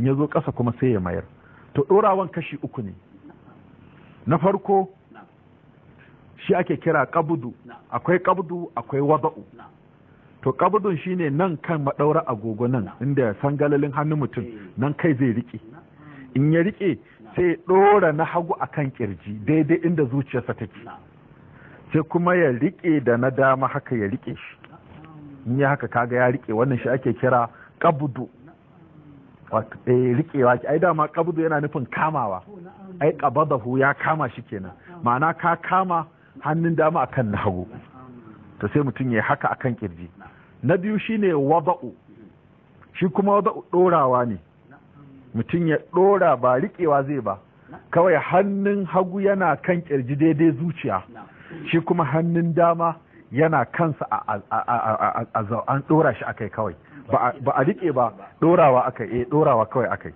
n ya zo ƙasa kuma sai ya mayar to ɗorawan kashi uku ne na farko shi ake kira ƙabudu akwai ƙabudu akwai wada'u to ƙabudun shine nan kan maɗaura agogo nan inda sangalalin hannun mutum nan kai zai riƙe in ya riƙe sai ɗora na hagu akan ƙirji daidai inda zuciyarsa take sai kuma ya riƙe da na dama haka ya riƙe shi in ya haka kaga ya riƙe wannan shi ake kira ƙabudu rikewa ke, ai dama kabdu yana nufin kamawa ai qabadahu ya kama shi kenan ma'ana ka kama hannun dama akan na hagu to sai mutum ya haka akan kirji na biyu shine wada'u shi kuma wada'u dorawa ne mutum ya dora ba riƙewa zai ba kawai hannun hagu yana kan ƙirji daidai zuciya shi kuma hannun dama yana kansa a an dora shi akai kawai ba a riƙe ba ɗorawa aka eh dorawa kawai aka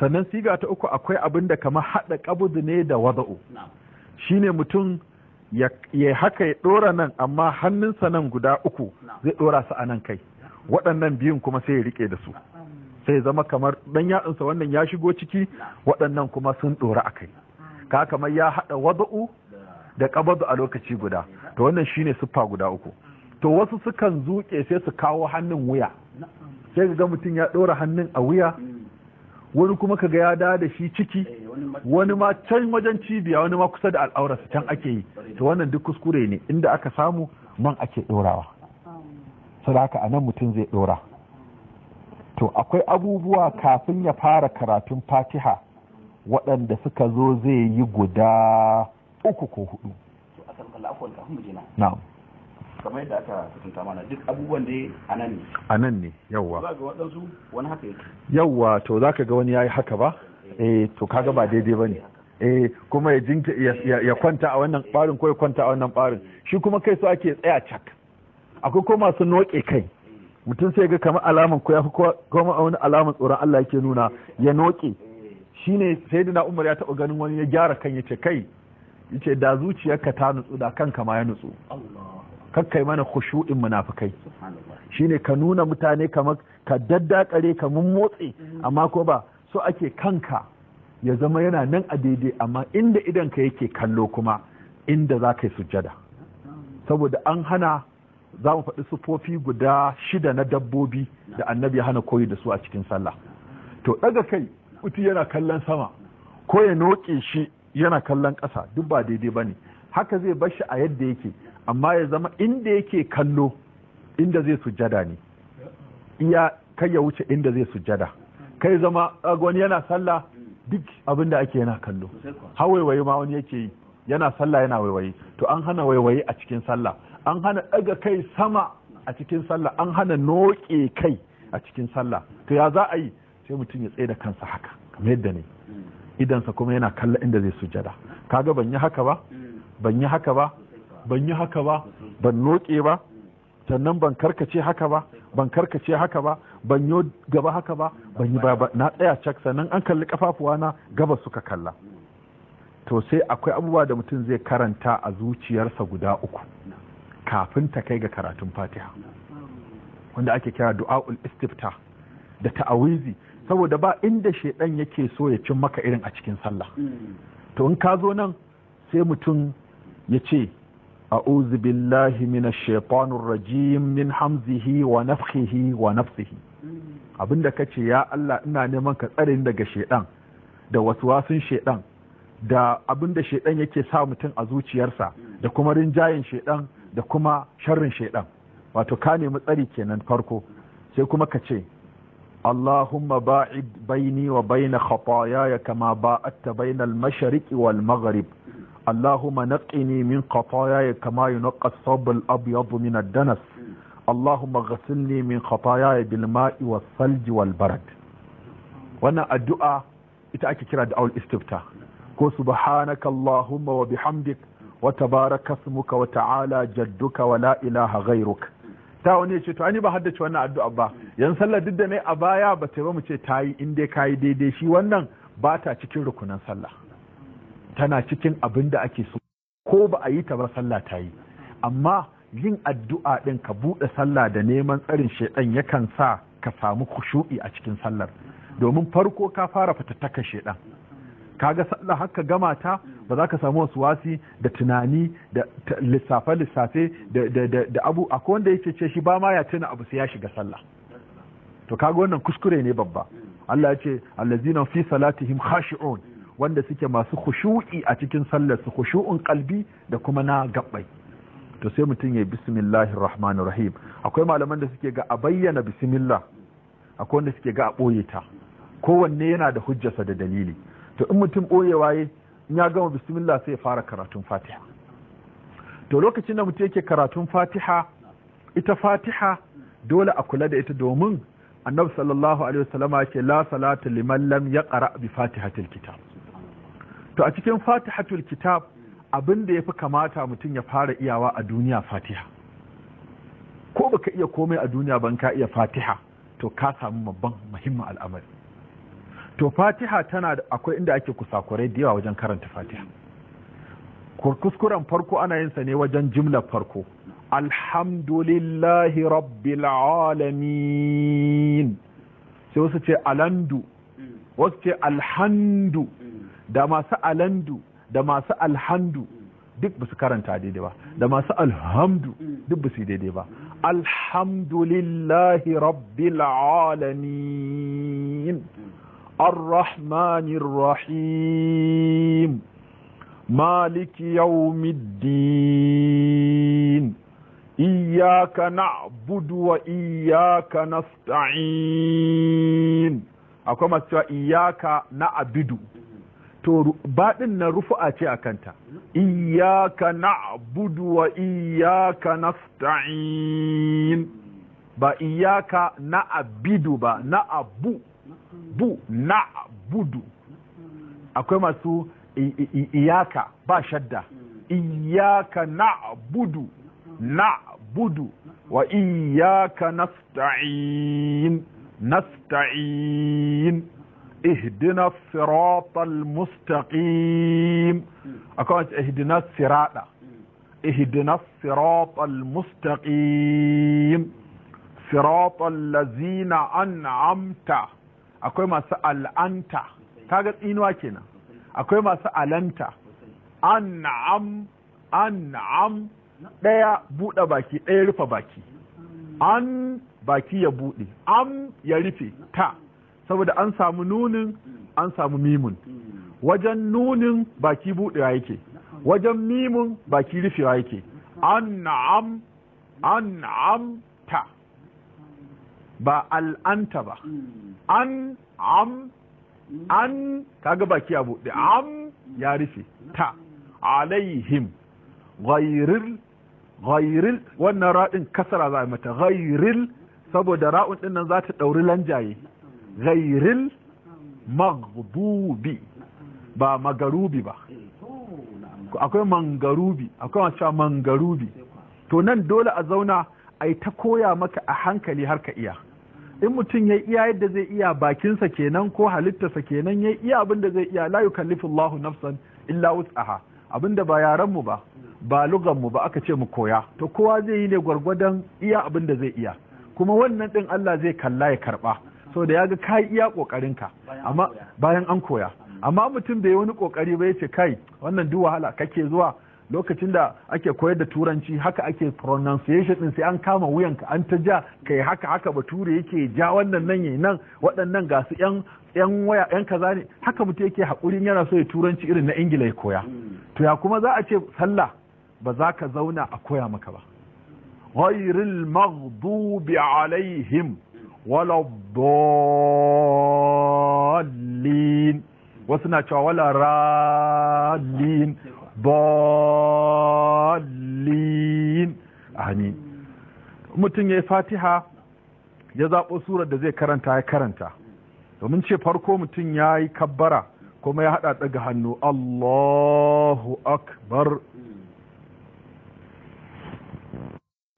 sannan siga ta uku akwai abin da kamar haɗa qabd ne da wada'u shine mutum ya haka ya dora nan amma hannunsa nan guda uku zai dora su a nan kai waɗannan biyun kuma sai ya riƙe da su sai zama kamar dan yatsunsa wannan ya shigo ciki waɗannan kuma sun dora a kai ka kamar ya haɗa wada'u da qabd a lokaci guda to wannan shine siffa guda uku to wasu sukan zuke sai su kawo hannun wuya sai ga mutum ya ɗora hannun a wuya wani kuma kaga ya da da shi ciki wani ma can wajen cibiya wani ma kusa da su can ake yi to wannan duk kuskure ne inda aka samu man ake ɗorawa sadaka a nan mutum zai ɗora to akwai abubuwa kafin ya fara karatun fatiha waɗanda suka zo zai yi guda uku ko hudu kamar yadda aka tunta mana duk abubuwan da a nan ne a nan ne yawwa za ga waɗansu wani haka yake yawwa to za ka ga wani ya yi haka ba eh to kaga ba daidai ba ne eh kuma ya jinta ya kwanta a wannan ɓarin ko ya kwanta a wannan ɓarin shi kuma kai so ake tsaya cak akwai ko masu noke kai mutum sai ga kamar alaman ko ya fi koma wani alaman tsoron Allah yake nuna ya noke shi shine sayyidina Umar ya taɓa ganin wani ya gyara kan ya ce kai yace da zuciyarka ta nutsu da kanka ma ya nutsu kakkai mana khushu'in munafikai shine ka nuna mutane kamar ka daddakare ka mun motsi mm-hmm. amma ko ba so ake kanka ya zama yana nan a daidai amma inda idan ka yake kallo kuma inda za ka yi sujjada saboda an hana za mu faɗi sufofi guda shida na dabbobi da annabi ya hana koyi da su a cikin sallah to ɗaga kai mutum yana kallon sama ko ya noƙe shi yana kallon ƙasa duk ba daidai ba ne haka zai bashi a yadda yake amma ya zama inda yake kallo inda zai sujada ne iya kai ya wuce inda zai sujada kai zama wani yana sallah duk abin da ake yana kallo har ma wani yake yi yana sallah yana waiwayi to an hana waiwaye a cikin sallah an hana ɗaga kai sama a cikin sallah an hana noƙe kai a cikin sallah to ya za a yi sai mutum ya tsaye da kansa haka kamar yadda ne idansa kuma yana kalla inda zai sujada kaga ban yi haka ba ban yi haka ba ban yi haka ba ban noke ba sannan ban karkace haka ba ban karkace haka ba ban yi gaba haka ba ban yi ba na tsaya cak sannan an kalli kafafuwa na gaba suka kalla to sai akwai abubuwa da mutum zai karanta a zuciyarsa guda uku kafin ta kai ga karatun fatiha wanda ake kira du'a'ul istifta da ta'awizi saboda ba inda shaidan yake so ya cin maka irin a cikin sallah to in ka zo nan sai mutum ya ce أعوذ بالله من الشيطان الرجيم من حمزه ونفخه ونفسه abinda ka ce ya Allah ina neman ka tsare ni daga shedan da wasu wasun shedan da abinda shedan yake sa mutum a zuciyarsa da kuma rinjayen shedan da kuma sharrin shedan wato ka nemi tsari kenan farko sai kuma ka ce Allahumma ba'id baini wa baina ya kama ba'adta bainal mashariqi wal maghrib اللهم نقني من خطاياي كما ينقى الثوب الأبيض من الدنس اللهم غسلني من خطاياي بالماء والثلج والبرد wannan addu'a ita ake kira da awul istifta ko subhanaka allahumma wa bihamdik wa tabaraka smuka wa ta'ala jadduka wa la ilaha ghairuk ta wani ya ce to ani ba haddace wannan addu'a ba yan Sallah duk da ne a baya ba ta ba mu ce tayi in dai kayi daidai shi wannan ba ta cikin rukunan sallah tana cikin abin da ake so ko ba a yi ta ba sallah ta yi amma yin addu'a ɗin ka buɗe sallah da neman tsarin shaiɗan yakan sa ka samu kushu'i a cikin sallar domin farko ka fara fitattakan shaiɗan kaga sallah haka gama ta ba za ka samu wasu wasi da tunani da lissafe-lissafe da abu akwai wanda ya ce shi ba ma ya tuna abu sai ya shiga sallah to kaga wannan kuskure ne babba Allah ya ce allazina fi salatihim khashi'un wanda suke masu khushu'i a cikin sallar su khushu'un kalbi da kuma na gabbai to sai mutum ya bismillahir rahmanir rahim akwai malaman da suke ga a bayyana bismillah akwai wanda suke ga a boye ta kowanne yana da hujjasa da dalili to in mutum boyewa ya in ya gama bismillah sai ya fara karatun fatiha to lokacin da mutum yake karatun fatiha ita fatiha dole a kula da ita domin annabi sallallahu alaihi wasallama ce la salata liman lam yaqra bi fatihatil kitab to a cikin fatihatul kitab abin da ya fi kamata mutum ya fara iyawa a duniya fatiha ko baka iya komai a duniya ban ka iya fatiha to ka samu babban muhimmin al'amari to fatiha tana da akwai inda ake kusakurai da yawa wajen karanta fatiha kuskuren farko ana yin sa ne wajen jimlar farko alhamdulillahi rabbil alamin sai wasu ce alandu wasu ce alhandu da masu alandu da masu alhandu duk ba su karanta daidai ba da masu alhamdu duk ba su daidai ba alhamdulillahi rabbil alamin arrahmanir rahim maliki yawmiddin iyyaka na'budu wa iyyaka nasta'in akwai masu cewa iyyaka na'budu to baɗin na rufu'a ce a kanta iyaka na'budu wa iyaka nasta'in ba iyaka na'abidu ba na'abu bu na'budu akwai masu iyaka ba shadda iyaka na'budu na'budu wa iyaka nasta'in nasta'in ihdina siratal mustaqim akwai wacce ihdina sirada ihdina siratal mustaqim siratal lazina an amta akwai masu al'anta kaga tsinuwa kenan akwai masu alanta An an na'am, ɗaya buɗe baki ɗaya rufe baki an baki ya buɗe am ya rufe ta saboda an samu nunin an samu mimun wajen nunin baki buɗewa yake wajen mimun baki rufewa yake an na'am ta ba al'anta ba an am an kaga baki a buɗe am ya rufe ta alaihim ghairil ghairil wannan ra'in kasara za a mata ghairil saboda ra'un ɗinnan za ta ɗauri lanjaye ghairil maghdubi ba magarubi ba akwai mangarubi akwai masu cewa mangarubi to nan dole a zauna a yi ta koya maka a hankali har ka iya in mutum ya iya yadda zai iya bakinsa kenan ko halittarsa kenan ya iya abin da zai iya la yukallifu Allahu nafsan illa wus'aha abin da ba yaran mu ba ba lugan mu ba aka ce mu koya to kowa zai yi ne gwargwadon iya abin da zai iya kuma wannan din Allah zai kalla ya karba da ya ga kai iya kokarin ka amma bayan an koya mm. amma mutum bai wani kokari ba yace kai wannan duk wahala kake zuwa lokacin da ake koyar da turanci haka ake pronunciation din sai an kama wuyan ka an ta ja kai haka haka bature yake ja wannan nan yayi nan waɗannan ga su yan yan waya yan kaza ne haka mutum yake hakurin yana so ya turanci irin na ingila ya koya mm. to ya kuma za a ce sallah ba za ka zauna a koya maka ba ghayril maghdubi alaihim wala dallin wasu na cewa wala rallin dallin amin mutum ya yi fatiha ya zaɓo surar da zai karanta ya karanta domin ce farko mutum ya yi kabbara kuma ya haɗa daga hannu Allahu akbar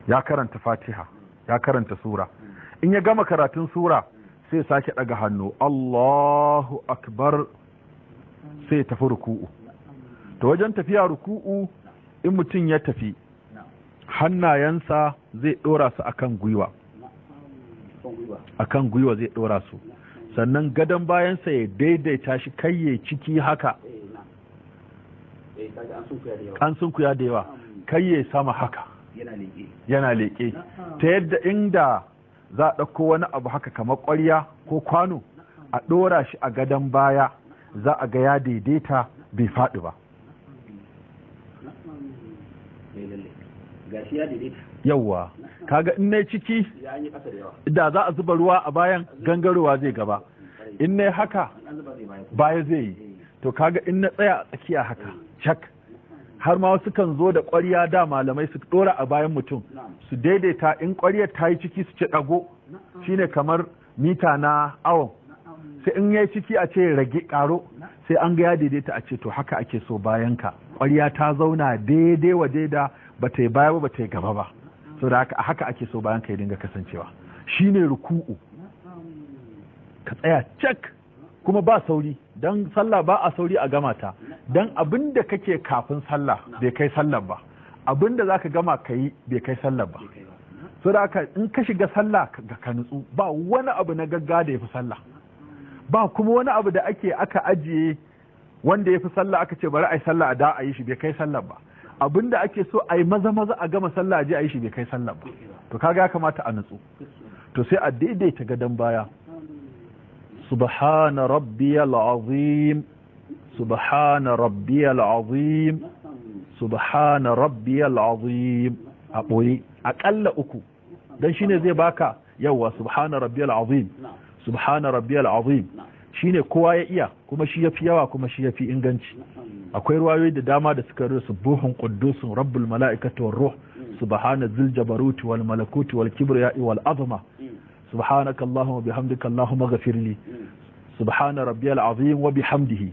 ya karanta fatiha ya karanta sura in ya gama karatun sura sai sake daga hannu Allahu akbar sai tafi ruku'u ta wajen tafiya ruku'u in mutum ya tafi hannayensa zai dora su akan gwiwa akan gwiwa zai dora su sannan gadon bayansa ya daidaita shi kayye ciki haka an kuya da yawa kayye sama haka yana leƙe ta yadda inda za a ɗauko wani abu haka kamar ƙwarya ko kwano a ɗora shi a gadon baya za a ga ya daidaita bai faɗi ba yawwa kaga in na ciki da za a zuba ruwa a bayan gangarowa zai gaba in na haka baya zai yi to kaga in na tsaya a tsakiya haka cak har ma wasu kan zo da ƙwarya da malamai su ɗora a bayan mutum su daidaita in kwaryar ta yi ciki su ce ɗago shine kamar mita na awon sai in ya yi ciki a ce rage ƙaro sai an ga ya daidaita a ce to haka ake so bayan ka ƙwarya ta zauna daidai wa daida ba ta yi baya ba ba ta yi gaba ba so da haka haka ake so bayan ka ya dinga kasancewa shine ruku'u ka tsaya cek kuma ba sauri don sallah ba a sauri a gama ta don abin da kake kafin sallah bai kai sallah ba abin da zaka gama ka yi bai kai sallah ba so da haka in ka shiga sallah ga ka nutsu ba wani abu na gagga da ya fi sallah ba kuma wani abu da ake aka ajiye wanda ya fi sallah aka ce bari a yi sallah a da a yi shi bai kai sallah ba abin da ake so a yi maza maza a gama sallah a je a yi shi bai kai sallah ba to kaga ya kamata a nutsu to sai a daidaita gadon baya سبحان ربي العظيم subhana ربي العظيم subhana ربي العظيم a boye aƙalla uku dan shine zai baka yawa subhana العظيم سبحان subhana العظيم shine kowa ya iya kuma shi yafi yawa kuma shi yafi inganci akwai ruwayoyi da dama da suka su buhun quddusun rabbul mala'ikatu war ruh subhana zil wal malakuti wal kibriya wal azma سبحانك اللهم وبحمدك اللهم اغفر لي سبحان ربي العظيم وبحمده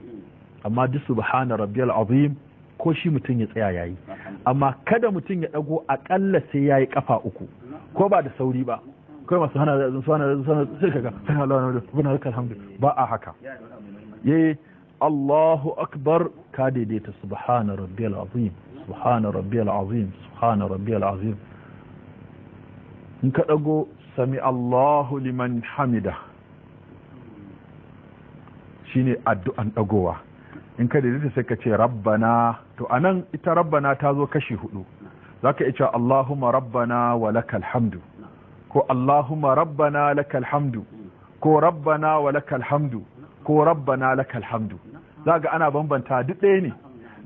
amma duk subhana rabbiyal azim ko shi mutum ya tsaya yayi amma kada mutum ya dago akalla sai yayi kafa uku ko ba da sauri ba kai masu hana da zuwa da zuwa sai kaga sai Allah na bin harkar hamdu ba a haka yayi Allahu akbar ka daidaita subhana rabbiyal azim subhana rabbiyal azim subhana rabbiyal azim in ka dago sami Allahu liman hamida shine addu'an dagowa in ka daidaita sai ka ce rabbana to anan ita rabbana ta zo kashi hudu zaka iya cewa Allahumma rabbana wa lakal hamdu ko Allahumma rabbana lakal hamdu ko rabbana wa lakal hamdu ko rabbana lakal hamdu zaka ana bambanta duk ɗaya ne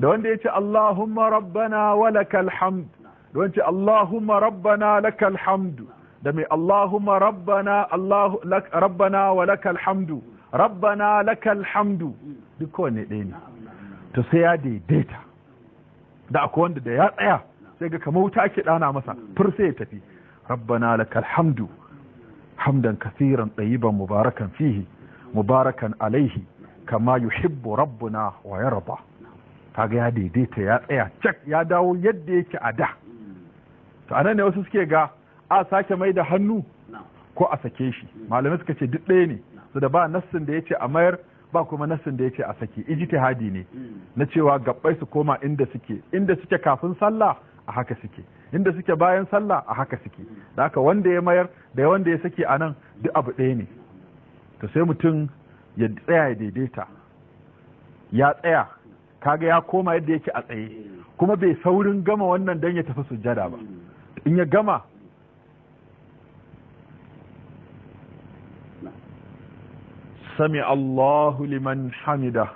da wanda ya ce Allahumma rabbana wa lakal hamdu da wanda ya ce Allahumma rabbana lakal hamdu da mai Allahumma rabbana Allahu rabbana wa lakal hamdu rabbana lakal hamdu duk kowanne ɗaya ne to sai ya daidaita da akwai wanda da ya tsaya sai ga kamar wuta ake ɗana masa fur sai ya tafi rabbana lakal hamdu hamdan kasiran ɗayiban mubarakan fihi mubarakan alaihi kama yuhibbu rabbuna wa yarda kaga ya daidaita ya tsaya cak ya dawo yadda yake a da to anan ne wasu suke ga a sake mai da hannu ko a sake shi malamai suka ce duk ɗaya ne su da ba nassin da ya ce a mayar ba kuma nassin da ya ce a sake ijtihadi ne hmm. na cewa gabbai su koma inda suke inda suke kafin sallah a haka suke inda suke bayan sallah a haka suke hmm. da haka wanda ya mayar da wanda ya sake a nan duk abu ɗaya ne to sai mutum ya tsaya ya daidaita ya tsaya kaga ya koma yadda yake a tsaye hmm. kuma bai saurin gama wannan dan ya tafi sujjada ba in ya gama سمع الله لمن حمده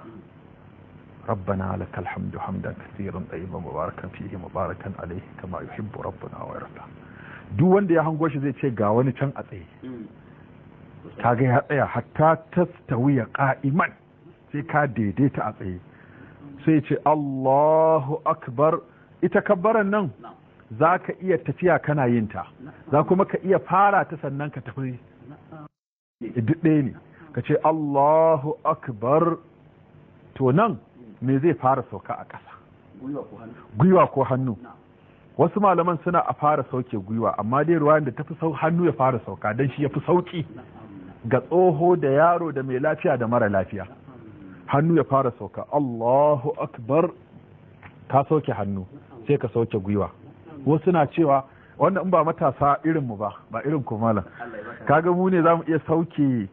ربنا لك الحمد حمدا كثيرا طيبا مباركا فيه مباركا عليه كما يحب ربنا ويرضى duk wanda ya hango shi zai ce ga wani can a tsaye kaga ya tsaya hatta tastawiya qa'iman sai ka daidaita a tsaye sai ce Allahu akbar ita kabbaran nan za ka iya tafiya kana yin ta za kuma ka iya fara ta sannan ka tafi duk ɗaya ne ka ce Allahu akbar to nan me zai fara sauka a ƙasa gwiwa ko hannu wasu malaman suna a fara sauke gwiwa amma dai ruwa da ta fi hannu ya fara sauka don shi ya fi sauki ga tsoho da yaro da mai lafiya da mara lafiya hannu ya fara sauka Allahu akbar ka sauke hannu sai ka sauke gwiwa wasu na cewa wanda ba matasa irin mu ba ba irin ku kaga mu ne za mu iya sauke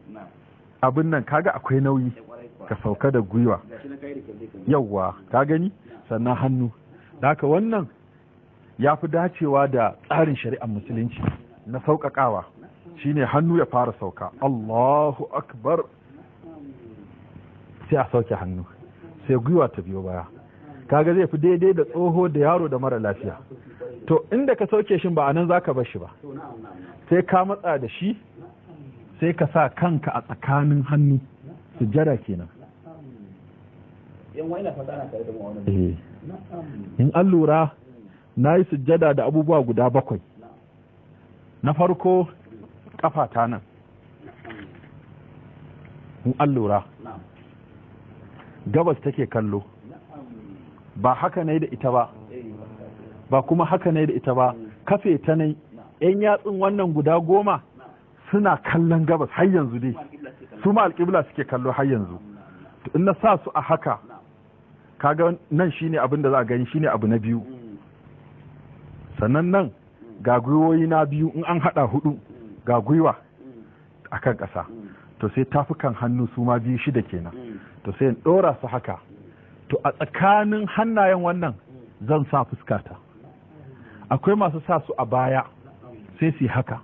abin nan kaga akwai nauyi ka sauka da gwiwa yauwa ka gani sannan hannu haka wannan ya fi dacewa da tsarin shari'ar musulunci na sauƙaƙawa shine hannu ya fara sauka Allahu akbar sai a sauke hannu sai gwiwa ta biyo baya kaga zai fi daidai da tsoho da yaro da mara lafiya to inda ka sauke shi ba a anan zaka bar shi ba sai ka matsa da shi sai ka sa kanka a tsakanin hannu sujada kenan eh. in an lura na yi sujjada da abubuwa guda bakwai na farko ƙafata nan in an lura gabas take kallo ba haka na da ita ba ba kuma haka na da ita ba kafe ta nan 'yan yatsun wannan guda goma suna kallon gabas har yanzu dai su ma alƙibla suke kallo har yanzu in na sa su a haka kaga nan shine abin da za a gani shine abu na biyu sannan nan ga gwiwoyi na biyu in an haɗa hudu ga gwiwa a kan ƙasa to sai tafukan hannu su ma biyu shida kenan to sai ɗora su haka to a tsakanin hannayen wannan zan sa fuskata akwai masu sa su a baya sai su yi haka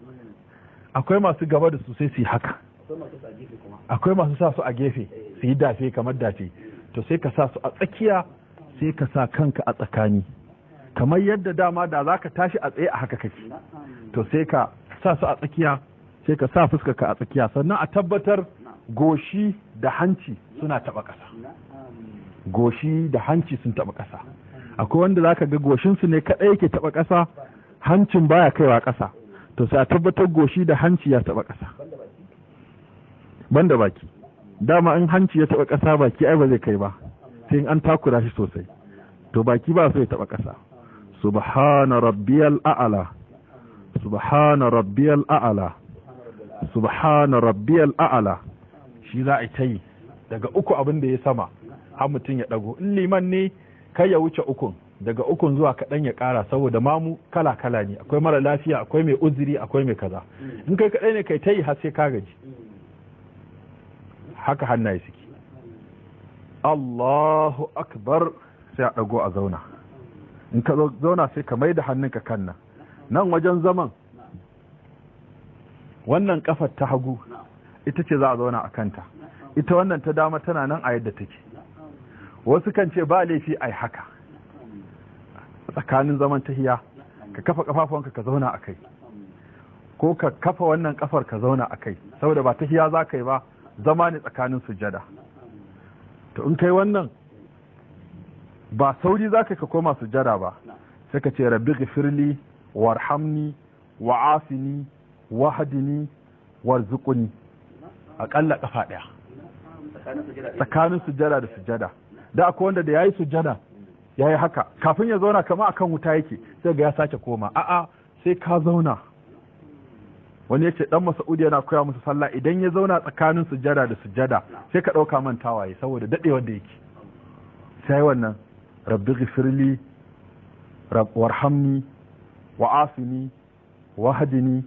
akwai masu gaba da su sai su yi haka akwai masu sa su a gefe su yi dafe kamar dafe to sai ka sa su a tsakiya sai ka sa kanka a tsakani kamar yadda dama da za ka tashi a tsaye a haka kake to sai ka sa su a tsakiya sai ka sa ka a tsakiya sannan a tabbatar goshi da hanci suna taba ƙasa goshi da hanci sun taba ƙasa akwai wanda za ka ga goshinsu ne kaɗai yake taba ƙasa hancin baya kaiwa ƙasa to sai a tabbatar goshi da hanci ya taba ƙasa banda baki dama in hanci ya taba ƙasa baki ai ba zai kai ba sai an takura shi sosai to baki ba so ya taba ƙasa subhana rabbiyal a'la subhana rabbiyal a'la subhana rabbiyal a'la shi za a yi daga uku abin da ya sama har mutum ya dago in liman ne kai ya wuce ukun daga ukun zuwa kaɗan ya ƙara saboda mamu kala kala ne akwai mara lafiya akwai mai uzuri akwai mai kaza in kai kaɗai ne kai ta yi har sai ka gaji haka hannaye suke Allahu akbar sai a ɗago a zauna in ka zauna sai ka mai da hannun ka nan nan wajen zaman wannan kafar ta hagu ita ce za a zauna a kanta ita wannan ta dama tana nan a yadda take wasu kan ce ba laifi ai haka tsakanin zaman tahiya ka kafa kafafuwanka ka zauna a kai ko ka kafa wannan kafar ka zauna a kai saboda ba tahiya za ka yi ba zama ne tsakanin sujada to in kai wannan ba sauri za ka koma sujada ba sai ka ce rabbi gifirli warhamni wa'afini wahdini warzuqni aƙalla kafa ɗaya tsakanin sujada da sujada da akwai wanda da yayi sujada ya yi haka kafin ya zauna kama a kan wuta yake sai ga ya sake koma a'a sai ka zauna wani ya ce dan masa'udi yana koya musu sallah idan ya zauna tsakanin sujada da sujada sai ka ɗauka mantawa ya saboda daɗe wanda yake sai wannan rabbi ghifirli warhamni wa asini wa hadini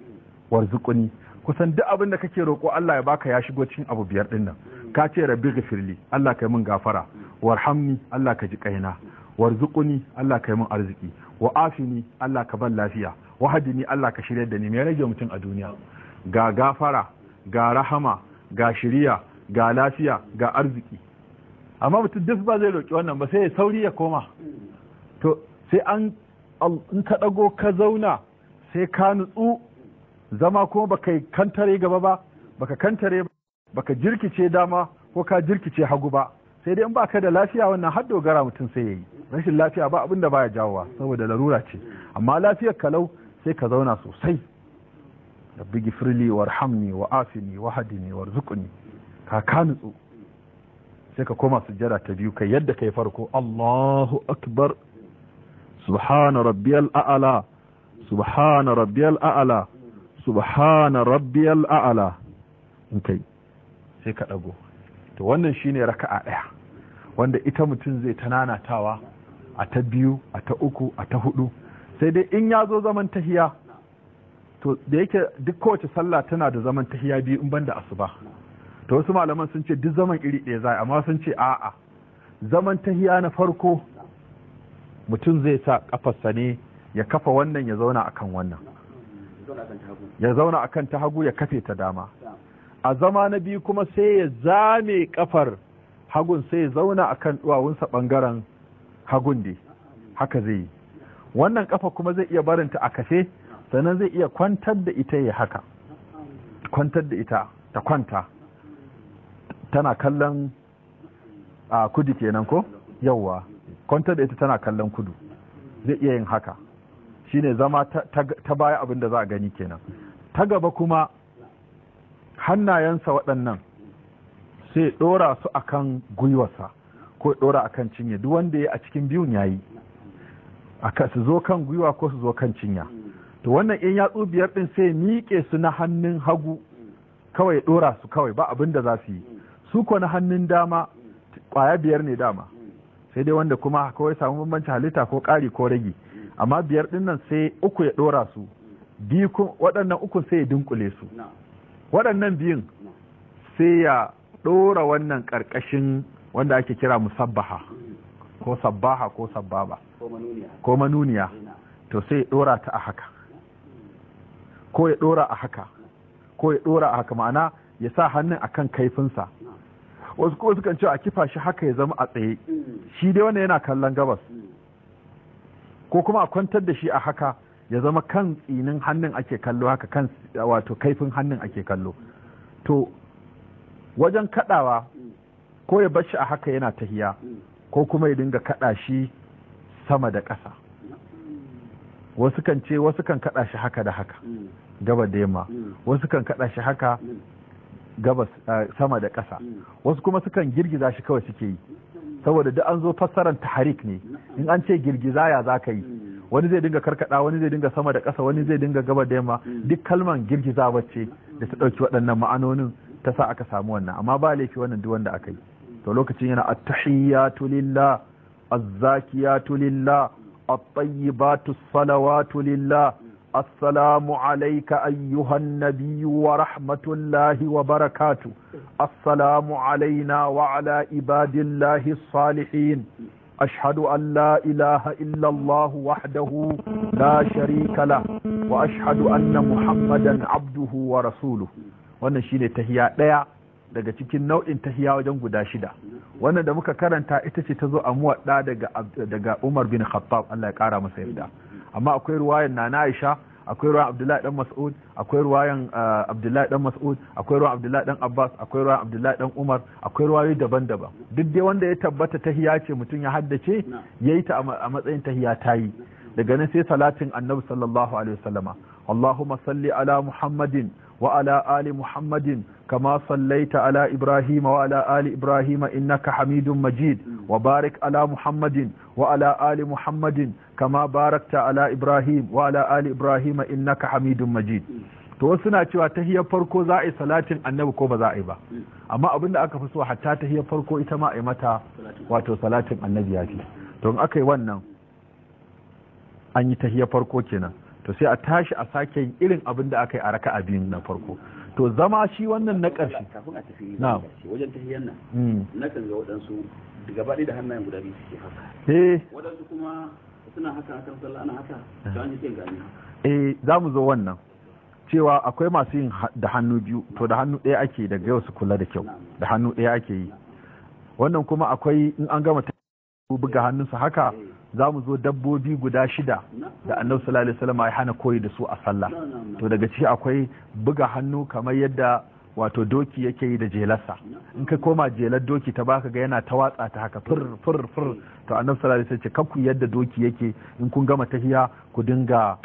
warzuqni kusan duk abin da kake roƙo Allah ya baka ya shigo cikin abu biyar dinnan ka ce rabbi ghifirli Allah kai mun gafara warhamni Allah ka ji kaina warzuquni Allah ka mun min arziki wa afini Allah ka ban lafiya wa hadini Allah ka shirya da ni me rage mutum a duniya ga gafara ga rahama ga shiriya ga lafiya ga arziki amma mutum duk ba zai roki wannan ba sai ya sauri ya koma to sai an in ka dago ka zauna sai ka nutsu zama kuma baka kantare gaba ba baka kantare baka jirkice dama ko ka jirkice hagu ba sai dai in baka da lafiya wannan har dogara mutum sai ya yi rashin lafiya ba abin da baya jawowa saboda larura ce amma lafiyar kalau sai ka zauna sosai da bigi firli wa afini wa hadini wa rzuqni ka ka nutsu sai ka koma sujjada ta biyu kai yadda kai farko Allahu akbar subhana rabbiyal a'la subhana rabbiyal a'la subhana rabbiyal a'la in kai sai ka dago to wannan shine raka'a ɗaya wanda ita mutum zai ta nanatawa a ta biyu a ta uku a ta hudu sai dai in ya zo zaman tahiya to da yake duk kowace sallah tana da zaman tahiya biyu in banda asuba to wasu malaman sun ce duk zaman iri ɗaya za amma sun ce a'a zaman tahiya na farko mutum zai sa kafarsa ne ya kafa wannan ya zauna akan wannan ya zauna akan ta hagu ya kafe ta dama a zama na biyu kuma sai ya zame kafar hagun sai ya zauna a kan duwawunsa ɓangaren hagun ne haka zai yi wannan kafa kuma zai iya barinta a kashe sannan zai iya kwantar da ita ya haka kwantar da ita ta kwanta tana kallon a kudu kenan ko yauwa kwantar da ita tana kallon kudu zai iya yin haka shine zama ta, baya abin da za a gani kenan ta gaba kuma hannayensa waɗannan sai ɗora su akan gwiwarsa ko ɗora a kan cinye duk wanda ya a cikin biyun yayi yi su zo kan gwiwa ko su zo kan cinya to wannan in yatsu biyar ɗin sai miƙe su na hannun hagu kawai ɗora su kawai ba abin da za su yi su ko na hannun dama ƙwaya biyar ne dama sai dai wanda kuma kawai samu bambancin halitta ko ƙari ko rage amma biyar ɗin nan sai uku ya ɗora su waɗannan uku sai ya dunkule su waɗannan biyun sai ya ɗora wannan ƙarƙashin wanda ake kira musabbaha ko sabbaha ko sabbaba ko manuniya to sai ya ɗora ta a haka ko ya ɗora a haka ko ya ɗora a haka ma'ana ya sa hannun akan kaifinsa wasu kuma sukan cewa a kifa shi haka ya zama a tsaye shi dai wanda yana kallon gabas ko kuma a kwantar da shi a haka ya zama kan tsinin hannun ake kallo haka kan wato kaifin hannun ake kallo to wajen kadawa ko ya bashi a haka yana tahiya ko kuma ya dinga kada shi sama da ƙasa wasu kan ce wasu kan kada shi haka da haka gaba da yamma wasu kan kada shi haka gabas sama da ƙasa wasu kuma sukan girgiza shi kawai suke yi saboda duk an zo fassaran taharik ne in an ce girgiza ya za ka yi wani zai dinga karkada wani zai dinga sama da ƙasa wani zai dinga gaba da yamma mm. duk kalman girgiza wacce da ta ɗauki waɗannan ma'anonin ta sa aka samu wannan amma ba laifi wannan duk wanda aka yi to lokacin yana at-tahiyyatu lillah az-zakiyatu lillah at-tayyibatu salawatu lillah السلام ayyuhan أيها النبي ورحمة الله وبركاته السلام علينا وعلى عباد ibadillahi salihin. أشهد أن لا إله إلا الله وحده لا شريك له وأشهد أن محمدا عبده ورسوله wannan shine tahiya ɗaya daga cikin nau'in tahiya wajen guda shida wannan da muka karanta ita ce ta zo a muwaɗa daga Umar bin Khattab Allah ya ƙara masa yarda amma akwai ruwayar Nana Aisha akwai ruwan abdullahi dan mas'ud akwai ruwayan uh, abdullahi dan mas'ud akwai ruwan abdullahi dan abbas akwai ruwan abdullahi dan umar akwai ruwayoyi daban-daban duk dai wanda ya tabbata tahiya ce mutum ya haddace yayi ta a matsayin tahiya tayi daga nan sai salatin annabi sallallahu alaihi wasallama allahumma salli ala muhammadin وعلى آل محمد كما صليت على إبراهيم وعلى آل إبراهيم إنك حميد مجيد وبارك على محمد وعلى آل محمد كما باركت على إبراهيم وعلى آل إبراهيم إنك حميد مجيد to wasu na cewa tahiyar farko za a yi salatin annabi ko ba za a yi ba amma abinda aka fi so hatta tahiyar farko ita ma a yi mata wato salatin annabi ya ce to in aka yi wannan an yi tahiyar farko kenan to sai a tashi a sake irin abin da aka yi a raka'a biyun na farko to zama shi wannan na ƙarshe kafin a tafi na wajen hmm. na kan ga waɗansu da hannayen guda biyu suke haka eh waɗansu kuma suna haka akan sallah ana haka an yi gani eh za mu zo wannan cewa akwai masu yin da hannu biyu to da hannu ɗaya ake daga yau su kula da kyau da hannu ɗaya ake yi wannan kuma akwai in an gama buga hannunsa haka eh. za mu zo dabbobi guda shida da annabi sallallahu alaihi wasallam ya hana koyi da su a sallah to daga ciki akwai buga hannu kamar yadda wato doki yake yi da jelarsa in ka koma jelar doki ta baka ga yana ta watsa ta haka fir fir fir to annabi sallallahu alaihi wasallam ce yadda doki yake in kun gama tahiya ku dinga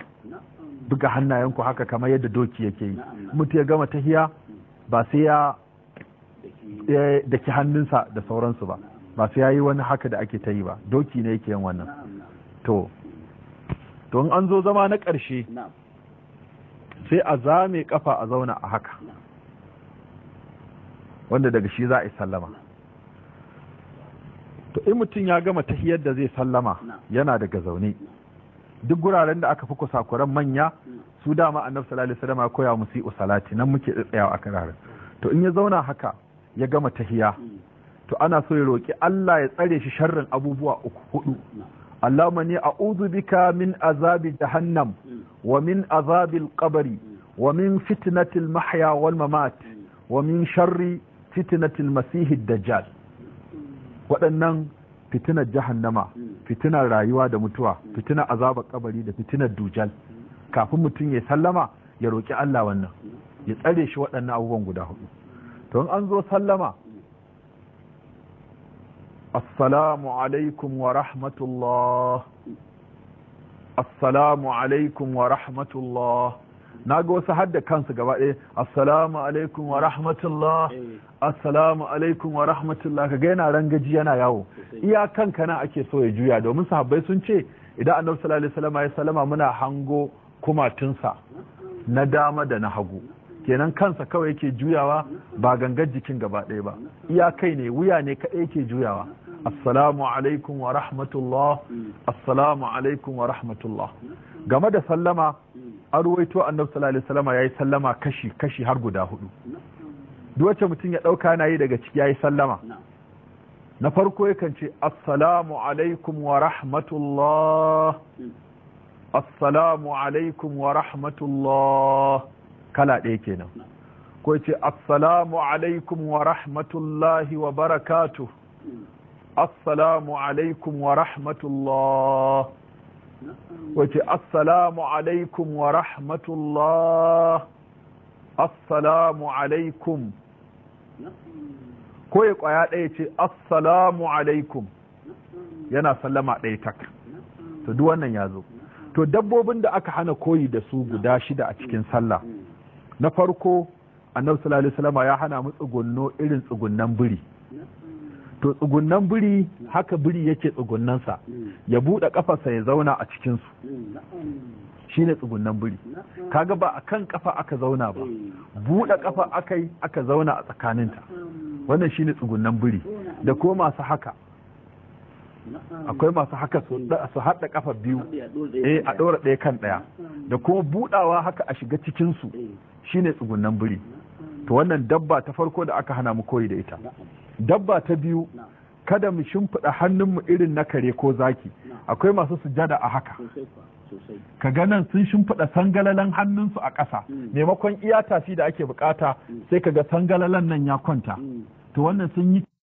buga hannayenku haka kamar yadda doki yake yi mutu ya gama tahiya ba sai ya daki hannunsa da sauransu ba ba su yayi wani haka da ake ta yi ba doki ne yake yin wannan to to an zo zama na ƙarshe sai a zame kafa a zauna a haka wanda daga shi za a yi sallama to in mutum ya gama tahiyar da zai sallama yana daga zaune duk guraren da aka fi kusakuran manya su dama annabi sallallahu alaihi wasallam ya koya musu usalati nan muke tsayawa a kararin to in ya zauna haka ya gama tahiya hmm. to ana so ya roƙi Allah ya tsare shi sharrin abubuwa uku hudu Allahumma ni a'udhu bika min azabi jahannam wa min azabi al-qabri wa min fitnati al-mahya wal mamat wa min sharri fitnati al-masih ad-dajjal waɗannan fitinar jahannama fitinar rayuwa da mutuwa fitinar azabar kabari da fitinar dujal kafin mutum ya sallama ya roki Allah wannan ya tsare shi waɗannan abubuwan guda hudu to in an zo sallama السلام عليكم ورحمة الله السلام عليكم ورحمة الله naga wasu hadda kansu gaba ɗaya assalamu alaikum wa rahmatullah assalamu alaikum wa rahmatullah kaga yana rangaji yana yawo iya kanka nan ake so ya juya domin sahabbai sun ce idan annabi sallallahu salama ya salama muna hango kumatunsa na dama da na hagu kenan kansa kawai yake juyawa ba gangar jikin gaba ɗaya ba iya kai ne wuya ne kaɗai yake juyawa assalamu alaikum wa rahmatullah assalamu alaikum wa rahmatullah game da sallama an ruwaito annabi sallallahu alaihi ya yayi sallama kashi kashi har guda hudu duk wacce mutum ya dauka na yi daga ciki yayi sallama na farko yakan ce assalamu alaikum wa rahmatullah assalamu alaikum wa rahmatullah kala ɗaya kenan ko ce assalamu alaikum wa rahmatullahi wa barakatuh assalamu alaikum wa rahmatullah wace assalamu alaikum wa rahmatullah assalamu alaikum ko ya kwaya ɗaya ce assalamu alaikum yana sallama ɗaya tak to duk wannan ya zo to dabbobin da aka hana koyi da su guda shida a cikin sallah na farko annabi sallallahu alaihi wasallam ya hana mu tsugunno irin tsugunnan biri to tsugunnan biri haka biri yake tsugunnansa ya buɗe ƙafarsa ya zauna a cikinsu shine tsugunnan biri kaga ba a kan ƙafa aka zauna ba buɗe ƙafa aka yi aka zauna a tsakaninta wannan shine tsugunnan biri da ko masu haka akwai masu haka su haɗa ƙafa biyu eh, a ɗora ɗaya kan ɗaya da kuma buɗawa haka a shiga cikinsu shine tsugunnan biri to wannan dabba ta farko da aka hana mu koyi da ita dabba ta biyu kada mu shimfiɗa hannunmu irin na kare ko zaki akwai masu sujada a haka ka ganan sun shimfiɗa sangalalan hannunsu a ƙasa hmm. maimakon iya tafi da ake bukata hmm. sai ka ga sangalalan nan ya kwanta hmm. to wannan sun yi